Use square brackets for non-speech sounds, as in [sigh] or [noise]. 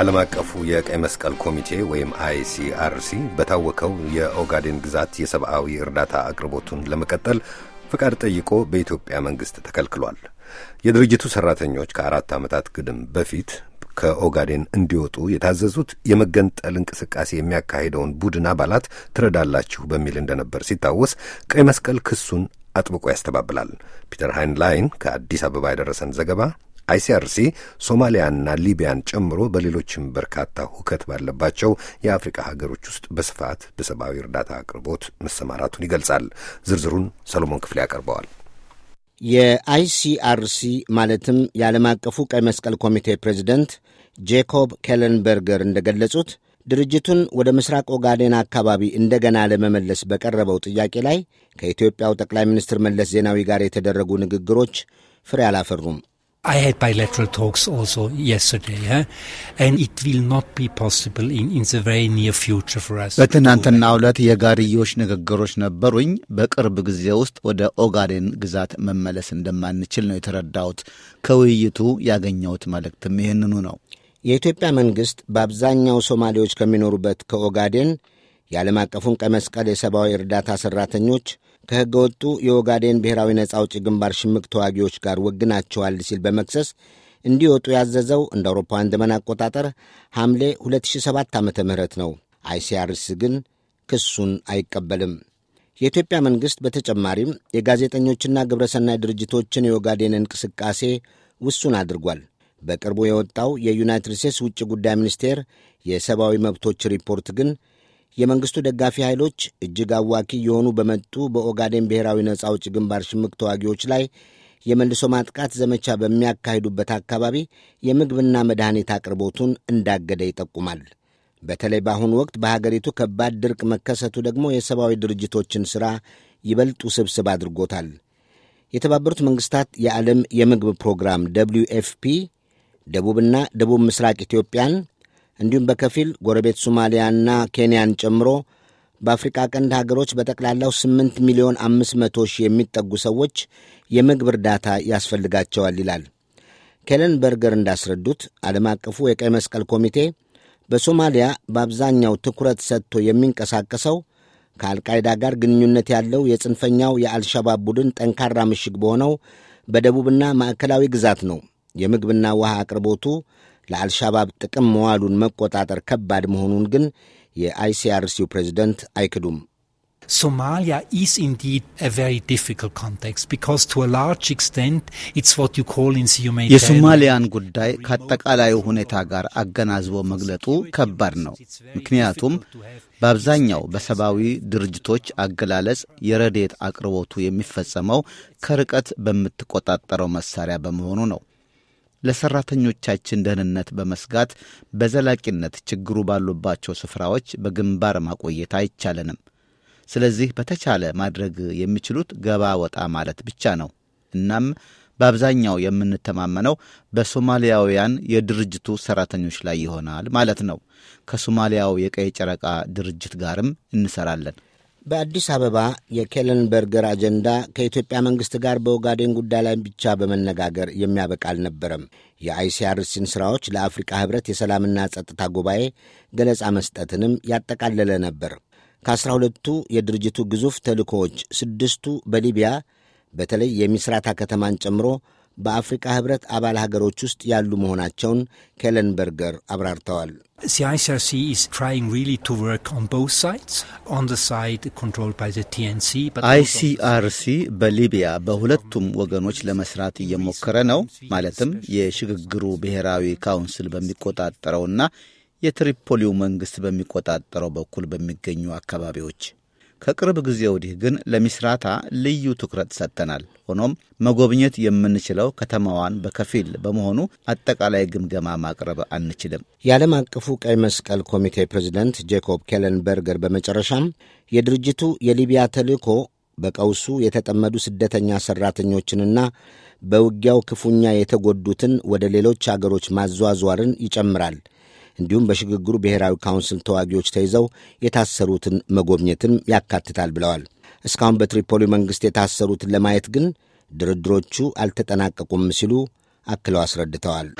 ዓለም አቀፉ የቀይ መስቀል ኮሚቴ ወይም አይሲአርሲ በታወከው የኦጋዴን ግዛት የሰብአዊ እርዳታ አቅርቦቱን ለመቀጠል ፍቃድ ጠይቆ በኢትዮጵያ መንግስት ተከልክሏል። የድርጅቱ ሠራተኞች ከአራት ዓመታት ግድም በፊት ከኦጋዴን እንዲወጡ የታዘዙት የመገንጠል እንቅስቃሴ የሚያካሂደውን ቡድን አባላት ትረዳላችሁ በሚል እንደነበር ሲታወስ ቀይ መስቀል ክሱን አጥብቆ ያስተባብላል። ፒተር ሃይንላይን ከአዲስ አበባ የደረሰን ዘገባ አይሲአርሲ ሶማሊያና ሊቢያን ጨምሮ በሌሎችም በርካታ ሁከት ባለባቸው የአፍሪካ ሀገሮች ውስጥ በስፋት በሰብአዊ እርዳታ አቅርቦት መሰማራቱን ይገልጻል። ዝርዝሩን ሰሎሞን ክፍሌ ያቀርበዋል። የአይሲአርሲ ማለትም የዓለም አቀፉ ቀይ መስቀል ኮሚቴ ፕሬዚደንት ጄኮብ ኬለንበርገር እንደገለጹት ድርጅቱን ወደ ምስራቅ ኦጋዴን አካባቢ እንደገና ለመመለስ በቀረበው ጥያቄ ላይ ከኢትዮጵያው ጠቅላይ ሚኒስትር መለስ ዜናዊ ጋር የተደረጉ ንግግሮች ፍሬ አላፈሩም። I had bilateral talks also yesterday, huh? and it will not be possible in, in the very near future for us. በትናንትና ዕለት የጋርዮሽ ንግግሮች ነበሩኝ። በቅርብ ጊዜ ውስጥ ወደ ኦጋዴን ግዛት መመለስ እንደማንችል ነው የተረዳሁት። ከውይይቱ ያገኘሁት መልእክትም ይህንኑ ነው። የኢትዮጵያ መንግሥት በአብዛኛው ሶማሌዎች ከሚኖሩበት ከኦጋዴን የዓለም አቀፉን ቀይ መስቀል የሰብአዊ እርዳታ ሠራተኞች ከሕገ ወጡ የኦጋዴን ብሔራዊ ነጻ አውጪ ግንባር ሽምቅ ተዋጊዎች ጋር ወግናቸዋል ሲል በመክሰስ እንዲወጡ ያዘዘው እንደ አውሮፓውያን ዘመን አቆጣጠር ሐምሌ 2007 ዓ ም ነው። አይሲያርስ ግን ክሱን አይቀበልም። የኢትዮጵያ መንግሥት በተጨማሪም የጋዜጠኞችና ግብረሰናይ ድርጅቶችን የኦጋዴን እንቅስቃሴ ውሱን አድርጓል። በቅርቡ የወጣው የዩናይትድ ስቴትስ ውጭ ጉዳይ ሚኒስቴር የሰብአዊ መብቶች ሪፖርት ግን የመንግሥቱ ደጋፊ ኃይሎች እጅግ አዋኪ የሆኑ በመጡ በኦጋዴን ብሔራዊ ነጻ አውጪ ግንባር ሽምቅ ተዋጊዎች ላይ የመልሶ ማጥቃት ዘመቻ በሚያካሂዱበት አካባቢ የምግብና መድኃኒት አቅርቦቱን እንዳገደ ይጠቁማል። በተለይ በአሁኑ ወቅት በሀገሪቱ ከባድ ድርቅ መከሰቱ ደግሞ የሰብአዊ ድርጅቶችን ሥራ ይበልጥ ውስብስብ አድርጎታል። የተባበሩት መንግሥታት የዓለም የምግብ ፕሮግራም ደብልዩ ኤፍ ፒ ደቡብና ደቡብ ምስራቅ ኢትዮጵያን እንዲሁም በከፊል ጎረቤት ሶማሊያና ኬንያን ጨምሮ በአፍሪቃ ቀንድ ሀገሮች በጠቅላላው 8 ሚሊዮን 500 ሺህ የሚጠጉ ሰዎች የምግብ እርዳታ ያስፈልጋቸዋል ይላል። ኬለን በርገር እንዳስረዱት ዓለም አቀፉ የቀይ መስቀል ኮሚቴ በሶማሊያ በአብዛኛው ትኩረት ሰጥቶ የሚንቀሳቀሰው ከአልቃይዳ ጋር ግንኙነት ያለው የጽንፈኛው የአልሻባብ ቡድን ጠንካራ ምሽግ በሆነው በደቡብና ማዕከላዊ ግዛት ነው። የምግብና ውሃ አቅርቦቱ ለአልሻባብ ጥቅም መዋሉን መቆጣጠር ከባድ መሆኑን ግን የአይሲአርሲው ፕሬዚደንት አይክዱም። Somalia [laughs] የሶማሊያን ጉዳይ ከአጠቃላዩ ሁኔታ ጋር አገናዝቦ መግለጡ ከባድ ነው። ምክንያቱም በአብዛኛው በሰብአዊ ድርጅቶች አገላለጽ የረዴት አቅርቦቱ የሚፈጸመው ከርቀት በምትቆጣጠረው መሳሪያ በመሆኑ ነው። ለሠራተኞቻችን ደህንነት በመስጋት በዘላቂነት ችግሩ ባሉባቸው ስፍራዎች በግንባር ማቆየት አይቻለንም። ስለዚህ በተቻለ ማድረግ የሚችሉት ገባ ወጣ ማለት ብቻ ነው። እናም በአብዛኛው የምንተማመነው በሶማሊያውያን የድርጅቱ ሠራተኞች ላይ ይሆናል ማለት ነው። ከሶማሊያው የቀይ ጨረቃ ድርጅት ጋርም እንሰራለን። በአዲስ አበባ የኬለንበርገር አጀንዳ ከኢትዮጵያ መንግሥት ጋር በኦጋዴን ጉዳይ ላይ ብቻ በመነጋገር የሚያበቃ አልነበረም። የአይሲአርሲን ሥራዎች ለአፍሪቃ ኅብረት የሰላምና ጸጥታ ጉባኤ ገለጻ መስጠትንም ያጠቃለለ ነበር። ከአስራ ሁለቱ የድርጅቱ ግዙፍ ተልእኮዎች ስድስቱ በሊቢያ በተለይ የሚስራታ ከተማን ጨምሮ በአፍሪካ ህብረት አባል ሀገሮች ውስጥ ያሉ መሆናቸውን ኬለንበርገር አብራርተዋል። ሲአይሲአርሲ አይሲአርሲ በሊቢያ በሁለቱም ወገኖች ለመስራት እየሞከረ ነው። ማለትም የሽግግሩ ብሔራዊ ካውንስል በሚቆጣጠረውና የትሪፖሊው መንግስት በሚቆጣጠረው በኩል በሚገኙ አካባቢዎች ከቅርብ ጊዜ ወዲህ ግን ለሚስራታ ልዩ ትኩረት ሰጥተናል። ሆኖም መጎብኘት የምንችለው ከተማዋን በከፊል በመሆኑ አጠቃላይ ግምገማ ማቅረብ አንችልም። የዓለም አቀፉ ቀይ መስቀል ኮሚቴ ፕሬዚደንት ጄኮብ ኬለንበርገር በመጨረሻም የድርጅቱ የሊቢያ ተልእኮ በቀውሱ የተጠመዱ ስደተኛ ሠራተኞችንና በውጊያው ክፉኛ የተጎዱትን ወደ ሌሎች አገሮች ማዟዟርን ይጨምራል እንዲሁም በሽግግሩ ብሔራዊ ካውንስል ተዋጊዎች ተይዘው የታሰሩትን መጎብኘትም ያካትታል ብለዋል። እስካሁን በትሪፖሊ መንግሥት የታሰሩትን ለማየት ግን ድርድሮቹ አልተጠናቀቁም ሲሉ አክለው አስረድተዋል።